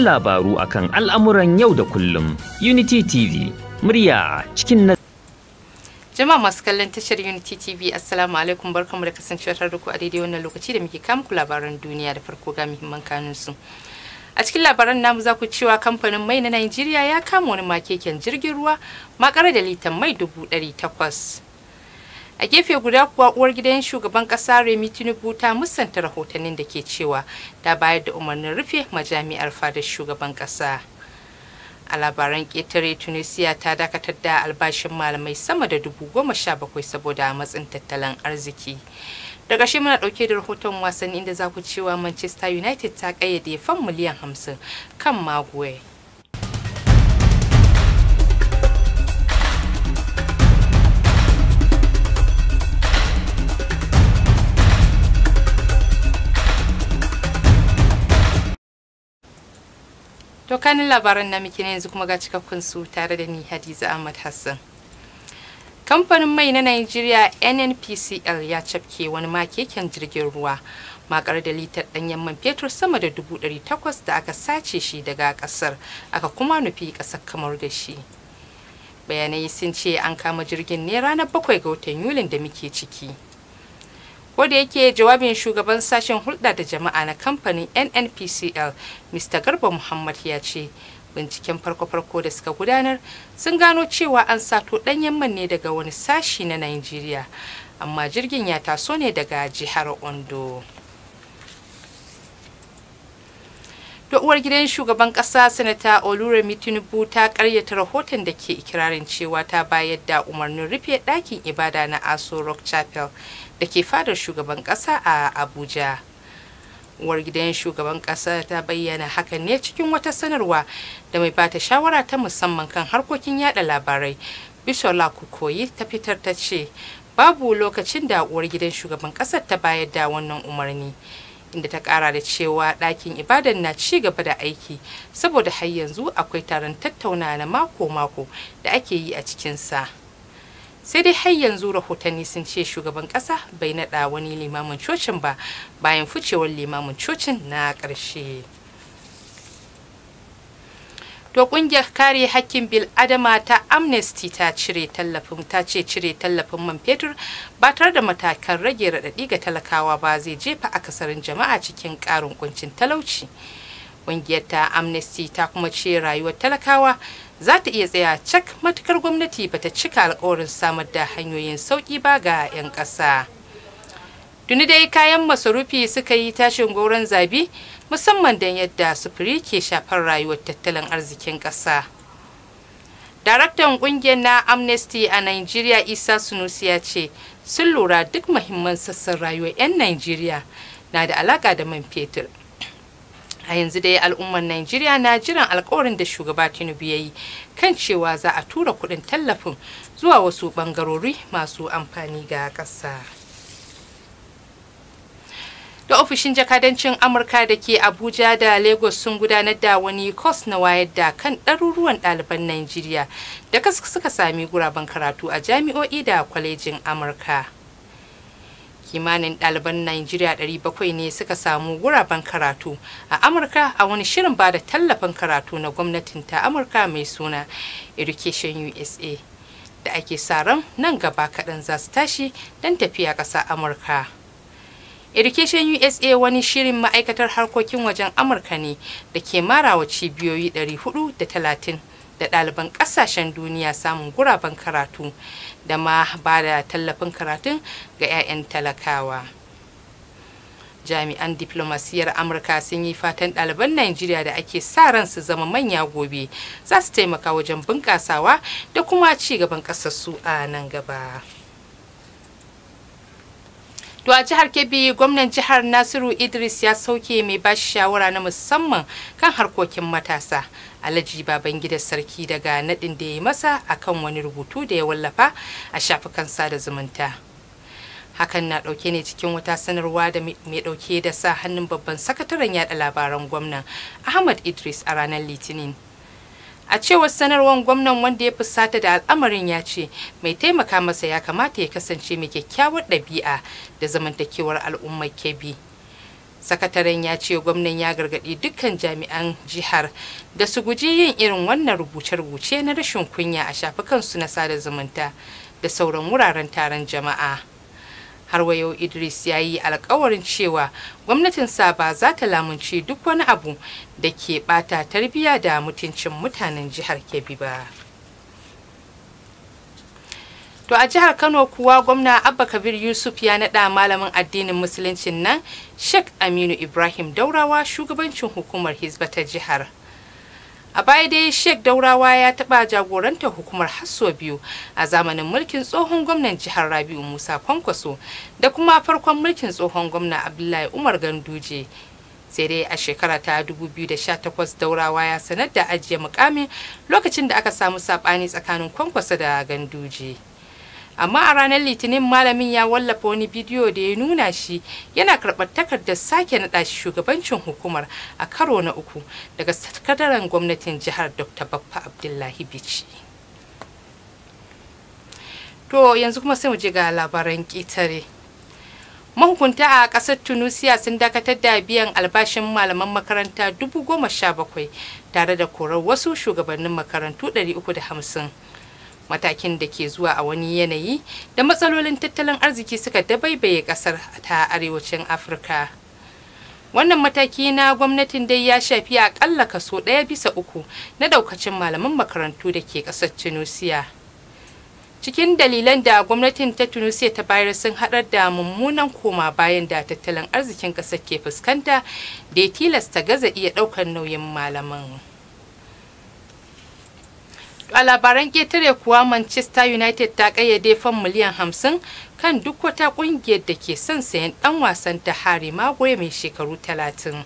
labaru akan al'amuran yau da kullum Unity TV murya cikin Jama'a masu kallon tashar Unity TV Assalamu alaikum barkamu da kasancewa da ku a daidai wannan lokaci da muke kama ku labaran duniya da farko ga muhimman kanun su. A cikin labaran namu za ku cewa kamfanin mai na Najeriya ya kama wani makeken jirgin ruwa makare da litan mai dubu ɗari takwas. a gefe guda kuwa uwar gidan shugaban kasa remi tinubu ta musanta rahotannin da ke cewa ta bayar da umarnin rufe majami'ar fadar shugaban kasa a labaran ƙetare tunisia ta dakatar da albashin malamai sama da dubu goma sha bakwai saboda matsin tattalin arziki da ƙarshe muna ɗauke da rahoton wasanni inda za ku cewa manchester united ta ƙayyade fan miliyan hamsin kan maguire To kanin labaran na muke ne yanzu kuma ga cikakkun su tare da ni Hadiza Ahmad Hassan. Kamfanin mai na Nigeria NNPCL ya cafke wani makeken jirgin ruwa makar da litar ɗanyen man fetur sama da dubu ɗari takwas da aka sace shi daga ƙasar aka kuma nufi ƙasar kamar da shi. Bayanai sun ce an kama jirgin ne ranar bakwai ga watan Yulin da muke ciki. ko yake jawabin shugaban sashen hulɗa da jama'a na kamfanin nnpcl mr garba muhammad ya ce binciken farko-farko da suka gudanar sun gano cewa an sato ɗanyen man ne daga wani sashi na nigeria amma jirgin ya taso ne daga jihar ondo da uwar gidan shugaban kasa sanata olurami tinubu ta karyata rahoton da ke ikirarin cewa ta bayar da umarnin rufe ɗakin ibada na aso rock chapel da ke fadar shugaban ƙasa a abuja uwar gidan shugaban ƙasa ta bayyana hakan ne cikin wata sanarwa da mai bata shawara ta musamman kan harkokin yada labarai bisola kukoyi ta fitar ta ce babu lokacin da uwar gidan shugaban ƙasar ta bayar da wannan umarni inda ta kara da cewa ɗakin ibadan na ci gaba da aiki saboda har yanzu akwai taron tattauna na mako-mako da ake yi a cikinsa. sai dai har yanzu rahotanni sun ce shugaban kasa bai nada wani limamin cocin ba bayan ficewar limamin cocin na ƙarshe to kungiyar kare hakkin bil adama ta amnesty ta cire tallafin ta ce cire tallafin man fetur ba tare da matakan rage raɗaɗi ga talakawa ba zai jefa akasarin jama'a cikin ƙarin kuncin talauci kungiyar ta amnesty ta kuma ce rayuwar talakawa za ta iya tsaya cak matukar gwamnati bata cika alkawarin samar da hanyoyin sauƙi ba ga 'yan ƙasa. Tuni dai kayan masarufi suka yi tashin goron zabi musamman don yadda sufuri ke shafar rayuwar tattalin arzikin ƙasa. Daraktan ƙungiyar na Amnesty a Nigeria Isa Sunusi ya ce sun lura duk muhimman sassan rayuwar 'yan Nigeria na da alaƙa da man fetur. a yanzu dai al'ummar najeriya na jiran alkawarin da shugaba tinubu ya yi kan cewa za a tura kuɗin tallafin zuwa wasu ɓangarori masu amfani ga ƙasa. da ofishin jakadancin amurka da ke abuja da lagos sun gudanar da wani kos na wayar da kan ɗaruruwan ɗaliban najeriya da suka sami guraben karatu a jami'o'i da kwalejin amurka kimanin ɗaliban Najeriya 700 ne suka samu guraben karatu a Amurka a wani shirin ba da tallafin karatu na gwamnatin ta Amurka mai suna Education USA da ake sa ran nan gaba kaɗan za su tashi don tafiya ƙasa Amurka. Education USA wani shirin ma'aikatar harkokin wajen Amurka ne da ke marawa cibiyoyi 430 da ɗaliban ƙasashen duniya samun guraben karatu da ma ba da tallafin karatun ga 'ya'yan talakawa jami'an diplomasiyar amurka sun yi fatan ɗaliban najeriya da ake sa ran su zama manya gobe za su taimaka wajen bunƙasawa da kuma ci gaban ƙasarsu a nan gaba. To a jihar Kebbi gwamnan jihar Nasiru Idris ya sauke mai bashi shawara na musamman kan harkokin matasa. Alhaji Babangida Sarki daga naɗin da ya yi masa akan wani rubutu da ya wallafa a shafukan sada zumunta. Hakan na ɗauke ne cikin wata sanarwa da mai ɗauke da sa hannun babban sakataren yada labaran gwamnan Ahmad Idris a ranar Litinin. a cewar sanarwar gwamnan wanda ya fusata da al'amarin ya ce mai taimaka masa ya kamata ya kasance mai kyakkyawar ɗabi'a da zamantakewar al'ummar kebi sakataren ya ce gwamnan ya gargaɗi dukkan jami'an jihar da su guji yin irin wannan rubuce-rubuce na rashin kunya a shafukansu na sada zumunta da sauran wuraren taron jama'a. har wayo idris ya yi alkawarin cewa gwamnatinsa ba za ta lamunci duk wani abu da ke bata tarbiyya da mutuncin mutanen jihar kebbi ba to a jihar kano kuwa gwamna abba kabir yusuf ya naɗa malamin addinin musuluncin nan sheikh aminu ibrahim daurawa shugabancin hukumar hizba ta jihar a baya dai Sheikh daurawa ya taɓa jagorantar hukumar hasso biyu a zamanin mulkin tsohon gwamnan jihar rabiu musa kwankwaso da kuma farkon mulkin tsohon gwamna abdullahi umar ganduje sai dai a shekara ta 2018 daurawa ya sanar da ajiye mukamin lokacin da aka samu saɓani tsakanin kwankwaso da ganduje. amma a ranar litinin malamin ya wallafa wani bidiyo da ya nuna shi yana karɓar takardar sake naɗa shi shugabancin hukumar a karo na uku daga sakataren gwamnatin jihar dr baffa abdullahi bichi to yanzu kuma sai mu je ga labaran ƙetare mahukunta a ƙasar tunisia sun dakatar da biyan albashin malaman makaranta dubu goma sha bakwai tare da korar wasu shugabannin makarantu 350 matakin da ke zuwa a wani yanayi da matsalolin tattalin arziki suka dabaibaye kasar ta arewacin afirka wannan mataki na gwamnatin dai ya shafi akalla kaso ɗaya bisa uku na daukacin malaman makarantu da ke ƙasar tunisia cikin dalilan da gwamnatin ta tunisia ta bayar sun haɗar da mummunan koma bayan da tattalin arzikin ƙasar ke fuskanta da ya tilasta gaza iya ɗaukar nauyin malaman. A labaran ketare kuwa Manchester United ta kayyade fan miliyan hamsin kan duk wata kungiyar da ke son sayan dan wasan ta Harry Maguire mai shekaru talatin.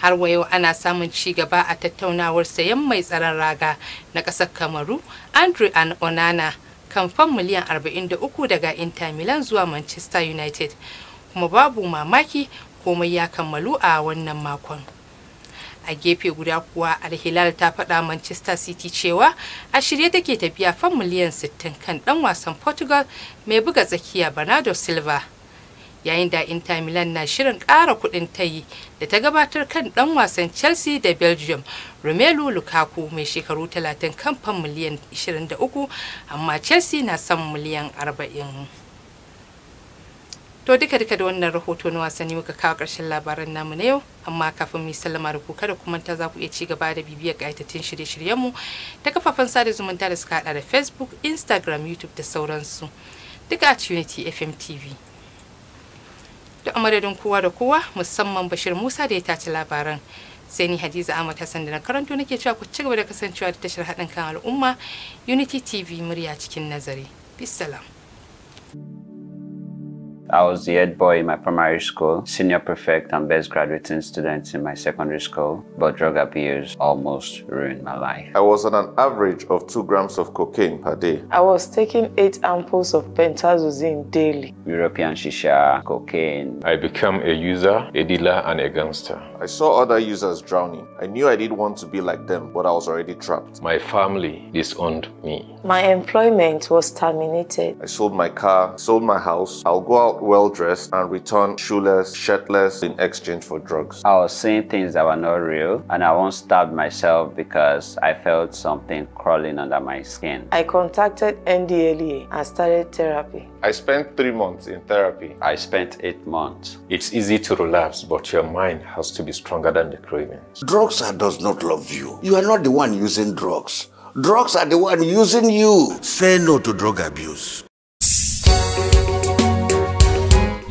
har wa yau ana samun ci gaba a tattaunawar sayan mai tsaron raga na ƙasar kamaru andre an onana kan fan miliyan 43 daga inter milan zuwa manchester united kuma babu mamaki komai ya kammalu a wannan makon a gefe guda kuwa alhilal ta faɗa manchester city cewa a shirye take tafiya fan miliyan 60 kan ɗan wasan portugal mai buga tsakiya bernardo silva yayin da inter milan na shirin ƙara kuɗin yi da ta gabatar kan ɗan wasan chelsea da belgium romelu lukaku mai shekaru 30 kan fan miliyan 23 amma chelsea na son miliyan 40 to duka duka da wannan rahoto na wasanni muka kawo ƙarshen labaran namu na yau amma kafin mu sallama da kuka da kuma ta za ku iya ci gaba da bibiyar ƙayatattun shirye-shiryenmu ta kafafen sada zumunta da suka haɗa da facebook instagram youtube da sauransu duka a unity fm tv da amadadin kowa da kowa musamman bashir musa da ya tace labaran sai ni hadiza ahmad hassan da na karanto nake cewa ku ci gaba da kasancewa da tashar haɗin kan al'umma unity tv murya cikin nazari bisalam I was the head boy in my primary school, senior prefect and best graduating student in my secondary school, but drug abuse almost ruined my life. I was on an average of 2 grams of cocaine per day. I was taking 8 ampoules of pentazosine daily. European shisha, cocaine. I became a user, a dealer and a gangster. I saw other users drowning. I knew I didn't want to be like them, but I was already trapped. My family disowned me. My employment was terminated. I sold my car, sold my house. I'll go out well dressed and returned shoeless, shirtless in exchange for drugs. I was seeing things that were not real and I once stabbed myself because I felt something crawling under my skin. I contacted NDLEA and started therapy. I spent three months in therapy. I spent eight months. It's easy to relapse, but your mind has to be stronger than the cravings. Drugs are, does not love you. You are not the one using drugs. Drugs are the one using you. Say no to drug abuse.